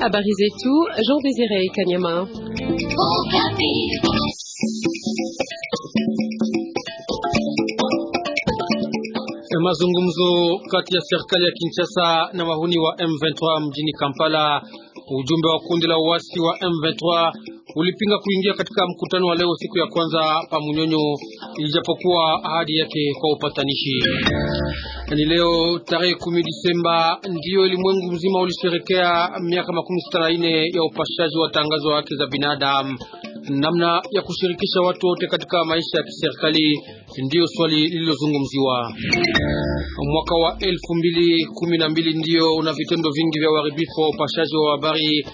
Habari zetu Jean Désiré Kanyama. Mazungumzo kati ya serikali ya Kinshasa na wahuni wa M23 mjini Kampala. Ujumbe wa kundi la uasi wa M23 ulipinga kuingia katika mkutano wa leo siku ya kwanza pa Munyonyo ijapokuwa ahadi yake kwa upatanishi. Ni leo tarehe kumi Disemba ndiyo ulimwengu mzima ulisherekea miaka makumi sita na nne ya upashaji wa tangazo wa za binadamu. Namna ya kushirikisha watu wote katika maisha ya kiserikali ndiyo swali lililozungumziwa. Mwaka wa elfu mbili kumi na mbili ndiyo una vitendo vingi vya uharibifu wa upashaji wa habari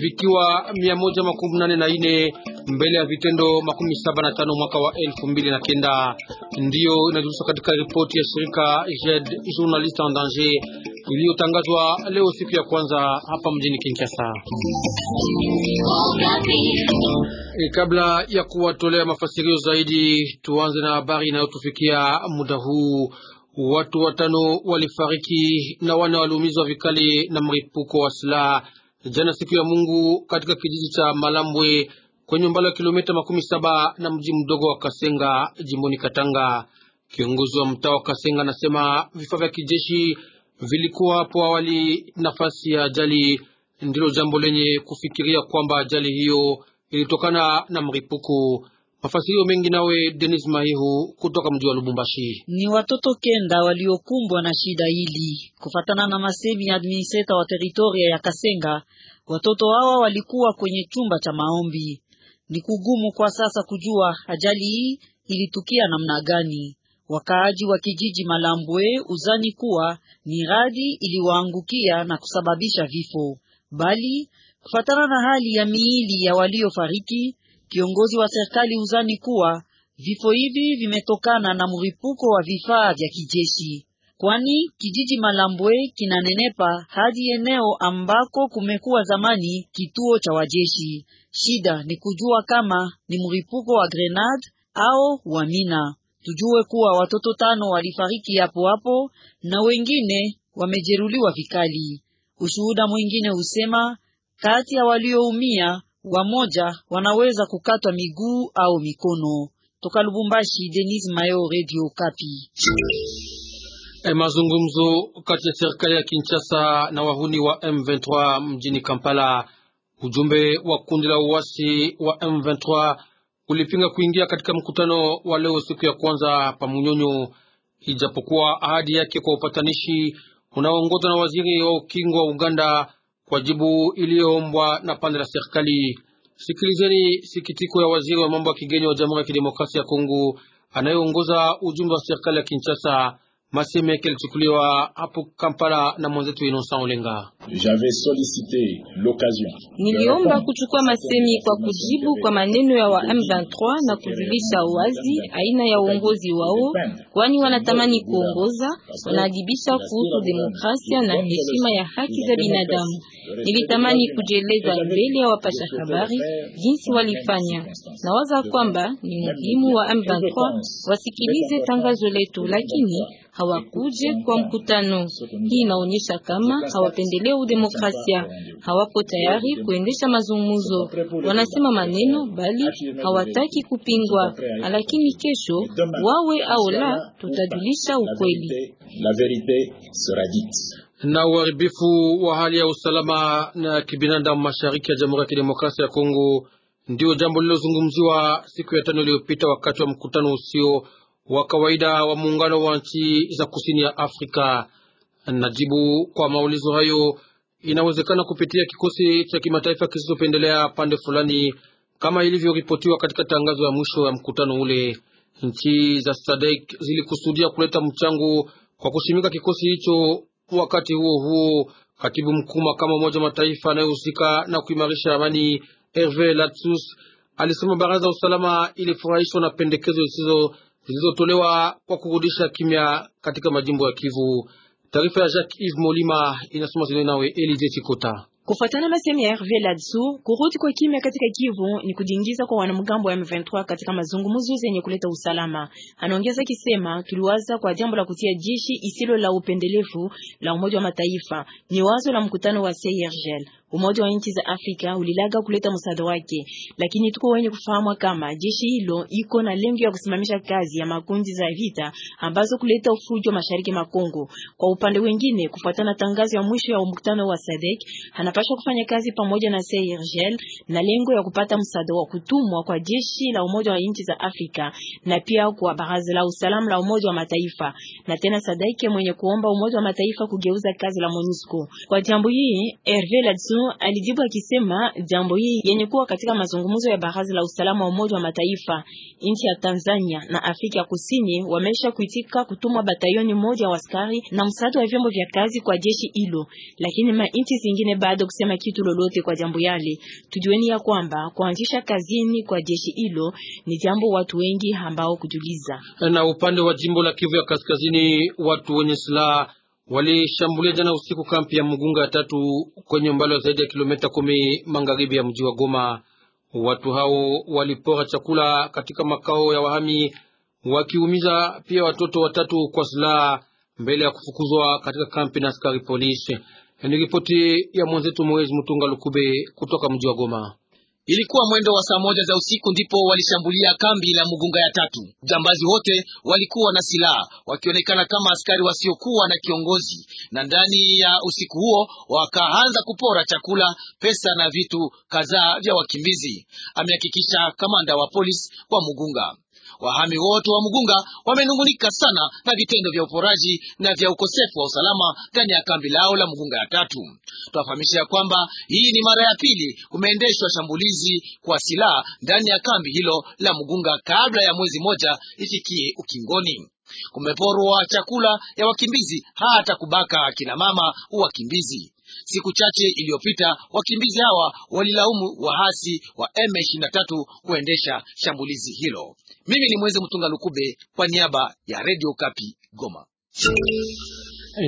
vikiwa mia moja makumi nane na nne mbele ya vitendo makumi saba na tano mwaka wa elfu mbili na kenda ndiyo inajulisha katika ripoti ya shirika JED Journaliste en Danger iliyotangazwa leo siku ya kwanza hapa mjini Kinshasa. E, kabla ya kuwatolea mafasirio zaidi, tuanze na habari inayotufikia muda huu. Watu watano walifariki na wana waliumizwa vikali na mripuko wa silaha jana siku ya Mungu katika kijiji cha Malambwe kwenye umbali wa kilomita makumi saba na mji mdogo wa Kasenga jimboni Katanga. Kiongozi wa mtaa wa Kasenga anasema vifaa vya kijeshi vilikuwa hapo awali nafasi ya ajali, ndilo jambo lenye kufikiria kwamba ajali hiyo ilitokana na mripuko. hiyo mengi nawe Denis Mahihu kutoka mji wa Lubumbashi. Ni watoto kenda waliokumbwa na shida hili, kufatana na masemi ya administrator wa teritoria ya Kasenga. Watoto hawa walikuwa kwenye chumba cha maombi. Ni kugumu kwa sasa kujua ajali hii ilitukia namna gani. Wakaaji wa kijiji Malambwe uzani kuwa ni radi iliwaangukia na kusababisha vifo, bali kufatana na hali ya miili ya waliofariki, kiongozi wa serikali uzani kuwa vifo hivi vimetokana na mripuko wa vifaa vya kijeshi kwani kijiji Malambwe kinanenepa hadi eneo ambako kumekuwa zamani kituo cha wajeshi. Shida ni kujua kama ni mlipuko wa grenade au wa mina. Tujue kuwa watoto tano walifariki hapo hapo na wengine wamejeruliwa vikali. Ushuhuda mwingine husema kati ya walioumia wamoja wanaweza kukatwa miguu au mikono. Toka Lubumbashi, Denise Mayo, Radio Kapi. E, mazungumzo kati ya serikali ya Kinshasa na wahuni wa M23 mjini Kampala. Ujumbe wa kundi la uasi wa M23 ulipinga kuingia katika mkutano wa leo siku ya kwanza Munyonyo, ijapokuwa ahadi yake kwa upatanishi unaoongozwa na waziri wa ukingo wa Uganda kwa jibu iliyoombwa na pande la serikali. Sikilizeni sikitiko ya waziri wa mambo ya kigeni wa Jamhuri ya Kidemokrasia ya Kongo anayeongoza ujumbe wa serikali ya Kinshasa maseme yake yalichukuliwa hapo Kampala na mwenzetu Innocent Olenga. Niliomba kuchukua masemi kwa kujibu kwa maneno ya wa M23 na kujulisha wazi aina ya uongozi wao, kwani wanatamani kuongoza, wanaadibisha kuhusu demokrasia na heshima ya haki za binadamu. Nilitamani kujieleza mbele ya wapasha habari jinsi walifanya. Nawaza kwamba ni muhimu wa M23 wasikilize tangazo letu, lakini hawakuje kwa mkutano. Hii inaonyesha kama hawapendelea udemokrasia, hawapo tayari kuendesha mazungumzo. Wanasema maneno, bali hawataki kupingwa. Lakini kesho wawe au la, tutajulisha ukweli na uharibifu wa hali ya usalama na kibinadamu mashariki ya Jamhuri ya Kidemokrasia ya Kongo ndio jambo lilozungumziwa siku ya tano iliyopita wakati wa mkutano usio wa kawaida wa muungano wa nchi za kusini ya Afrika. Najibu kwa maulizo hayo inawezekana kupitia kikosi cha kimataifa kisichopendelea pande fulani, kama ilivyoripotiwa katika tangazo ya mwisho ya mkutano ule. Nchi za SADC zilikusudia kuleta mchango kwa kushimika kikosi hicho. Wakati huo huo, katibu mkuu kama Umoja Mataifa anayehusika na kuimarisha amani Herve Latsus alisema baraza la usalama ilifurahishwa na pendekezo zisizo zilizotolewa kwa kurudisha kimya katika majimbo ya Kivu. Taarifa ya Jacques Yves Molima inasoma zile nawe Elize Chikota. Kufuatana na semi ya Hervé Ladsou, kurudi kwa kimya katika Kivu ni kujiingiza kwa wanamgambo wa M23 katika mazungumzo zenye kuleta usalama. Anaongeza kisema, tuliwaza kwa jambo la kutia jeshi isilo la upendelevu la Umoja wa Mataifa. Ni wazo la mkutano wa CIRGL. Umoja wa nchi za Afrika ulilaga kuleta msaada wake, lakini tuko wenye kufahamu kama jeshi hilo iko na lengo ya kusimamisha kazi ya makundi za vita ambazo kuleta ufujo mashariki mwa Kongo. Kwa upande wengine, kufuatana tangazo ya mwisho ya mkutano wa SADC, anapaswa kufanya kazi pamoja na CIRGL na lengo ya kupata msaada wa kutumwa kwa jeshi la Umoja wa nchi za Afrika na pia kwa Baraza la Usalama la Umoja wa Mataifa na tena SADC mwenye kuomba Umoja wa Mataifa kugeuza kazi la MONUSCO. Kwa jambo hili, Hervé Ladsou alijibu akisema jambo hii yenye kuwa katika mazungumzo ya Baraza la Usalama wa Umoja wa Mataifa. Nchi ya Tanzania na Afrika ya Kusini wamesha kuitika kutumwa batayoni moja wa askari na msaada wa vyombo vya kazi kwa jeshi hilo, lakini ma zingine bado kusema kitu lolote kwa jambo yale. Tujueni ya kwamba kuanzisha kazini kwa jeshi hilo ni jambo watu wengi ambao kujuliza. Na upande wa jimbo la Kivu ya Kaskazini, watu wenye silaha walishambulia jana usiku kampi ya Mgunga ya tatu kwenye umbali wa zaidi ya kilomita kumi magharibi ya mji wa Goma. Watu hao walipora chakula katika makao ya wahami, wakiumiza pia watoto watatu kwa silaha, mbele ya kufukuzwa katika kampi na askari polisi. Ni ripoti ya mwenzetu Moezi Mutunga Lukube kutoka mji wa Goma. Ilikuwa mwendo wa saa moja za usiku ndipo walishambulia kambi la Mugunga ya tatu. Jambazi wote walikuwa na silaha wakionekana kama askari wasiokuwa na kiongozi, na ndani ya usiku huo wakaanza kupora chakula, pesa na vitu kadhaa vya wakimbizi, amehakikisha kamanda wa polisi wa Mugunga. Wahami wote wa mgunga wamenungunika sana na vitendo vya uporaji na vya ukosefu wa usalama ndani ya kambi lao la mgunga ya tatu. Twafahamisha ya kwamba hii ni mara ya pili kumeendeshwa shambulizi kwa silaha ndani ya kambi hilo la mgunga kabla ya mwezi moja ifikie ukingoni. Kumeporwa chakula ya wakimbizi hata kubaka akina mama wakimbizi. Siku chache iliyopita, wakimbizi hawa walilaumu waasi wa M23 kuendesha shambulizi hilo. Mimi ni Mweze Mtunga Lukube kwa niaba ya Radio Kapi Goma.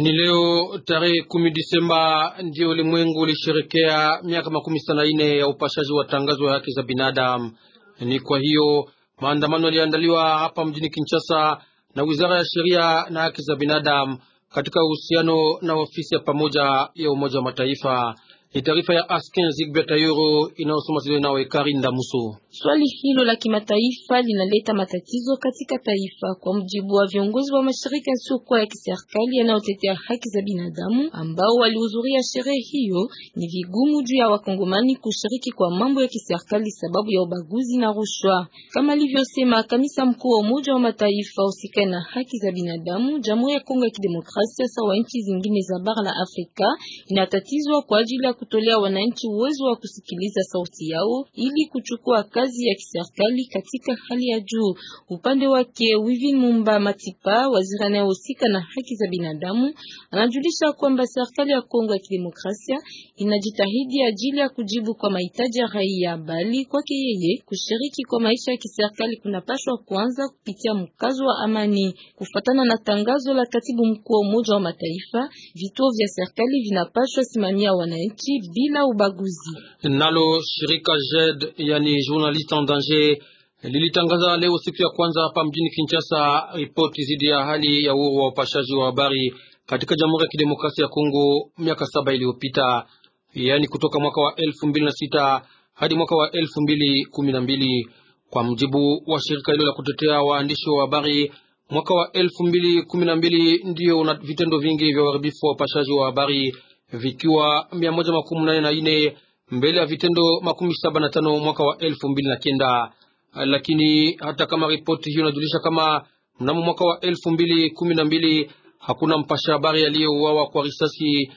Ni leo tarehe kumi Disemba ndio ulimwengu ulisherekea miaka makumi sita na nne ya upashaji wa tangazo ya haki za binadamu. Ni kwa hiyo maandamano yaliandaliwa hapa mjini Kinshasa na Wizara ya Sheria na Haki za Binadamu katika uhusiano na ofisi ya pamoja ya Umoja wa Mataifa ni taarifa ya Askin Zigbert Ayoro inayosoma zile nawe Karinda Muso. Swali hilo la kimataifa linaleta matatizo katika taifa, kwa mjibu wa viongozi wa mashirika yasiyokuwa ya kiserikali yanayotetea haki za binadamu ambao walihudhuria sherehe hiyo. Ni vigumu juu ya wakongomani kushiriki kwa mambo ya kiserikali sababu ya ubaguzi na rushwa, kama alivyosema kamisa mkuu wa Umoja wa Mataifa usika na haki za binadamu. Jamhuri ya Kongo ya Kidemokrasia sawa nchi zingine za bara la Afrika inatatizwa kwa ajili ya kutolea wananchi uwezo wa kusikiliza sauti yao ili kuchukua kazi ya kiserikali katika hali ya juu. Upande wake Wivi Mumba Matipa, waziri anayehusika na haki za binadamu, anajulisha kwamba serikali ya Kongo ya Kidemokrasia inajitahidi ajili ya kujibu kwa mahitaji ya raia, bali kwake yeye kushiriki kwa maisha ya kiserikali kunapaswa kuanza kupitia mkazo wa amani. Kufatana na tangazo la katibu mkuu wa Umoja wa Mataifa, vituo vya serikali vinapaswa simamia wananchi nchi bila ubaguzi. Nalo shirika JED, yani journaliste en Danger, lilitangaza leo siku ya kwanza hapa mjini Kinshasa ripoti dhidi ya hali ya uhuru wa upashaji wa habari katika Jamhuri ya Kidemokrasia ya Kongo miaka saba iliyopita, yaani kutoka mwaka wa elfu mbili na sita hadi mwaka wa elfu mbili kumi na mbili kwa mjibu wa shirika hilo la kutetea waandishi wa habari mwaka wa elfu mbili kumi na mbili ndiyo na vitendo vingi vya uharibifu wa upashaji wa habari vikiwa mia moja makumi nane na nne mbele ya vitendo makumi saba na tano mwaka wa elfu mbili na kenda lakini hata kama ripoti hiyo inajulisha kama mnamo mwaka wa elfu mbili kumi na mbili hakuna mpasha habari aliyeuawa kwa risasi,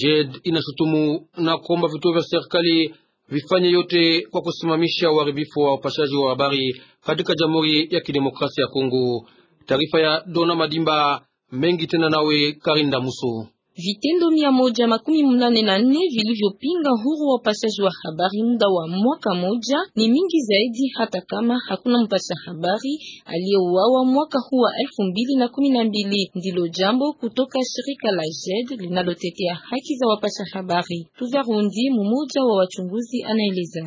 JED inashutumu na kuomba vituo vya serikali vifanye yote kwa kusimamisha uharibifu wa upashaji wa habari katika Jamhuri ya Kidemokrasia ya Kongo. Taarifa ya Dona Madimba mengi tena nawe Karinda Musu. Vitendo mia moja makumi mnane na nne vilivyopinga huru wa upashaji wa habari muda wa mwaka moja ni mingi zaidi, hata kama hakuna mpasha habari aliyeuawa mwaka huu wa elfu mbili na kumi na mbili. Ndilo jambo kutoka shirika la JED linalotetea haki za wapasha habari. Tuvarundi, mmoja wa wachunguzi, anaeleza: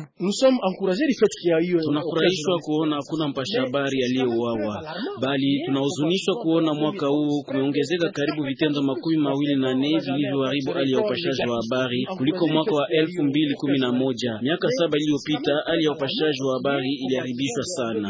tunafurahishwa kuona hakuna mpasha habari aliyeuawa, bali tunahuzunishwa kuona mwaka huu kumeongezeka karibu vitendo makumi mawili na nane vilivyoharibu hali ya upashaji wa habari kuliko mwaka wa elfu mbili kumi na moja. Miaka saba iliyopita hali ya upashaji wa habari iliharibishwa sana.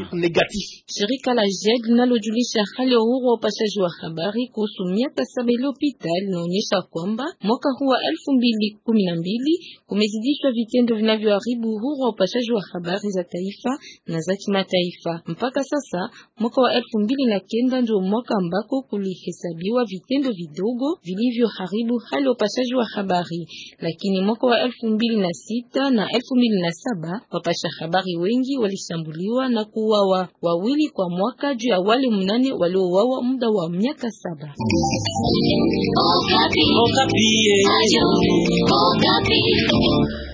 Shirika la JEG e linalojulisha hali ya uhuru wa upashaji wa habari kuhusu miaka saba iliyopita linaonyesha kwamba mwaka huu wa elfu mbili kumi na mbili kumezidishwa vitendo vinavyoharibu uhuru wa upashaji wa habari za taifa na za kimataifa. Mpaka sasa mwaka wa elfu mbili na kenda ndio mwaka ambako kulihesabiwa vitendo vidogo vilivyo magharibi hali ya upashaji wa habari, lakini mwaka wa elfu mbili na sita na elfu mbili na saba wapasha habari wengi walishambuliwa na kuuawa, wawili kwa mwaka juu ya wale mnane waliouawa muda wa miaka saba. Okapi. Okapi.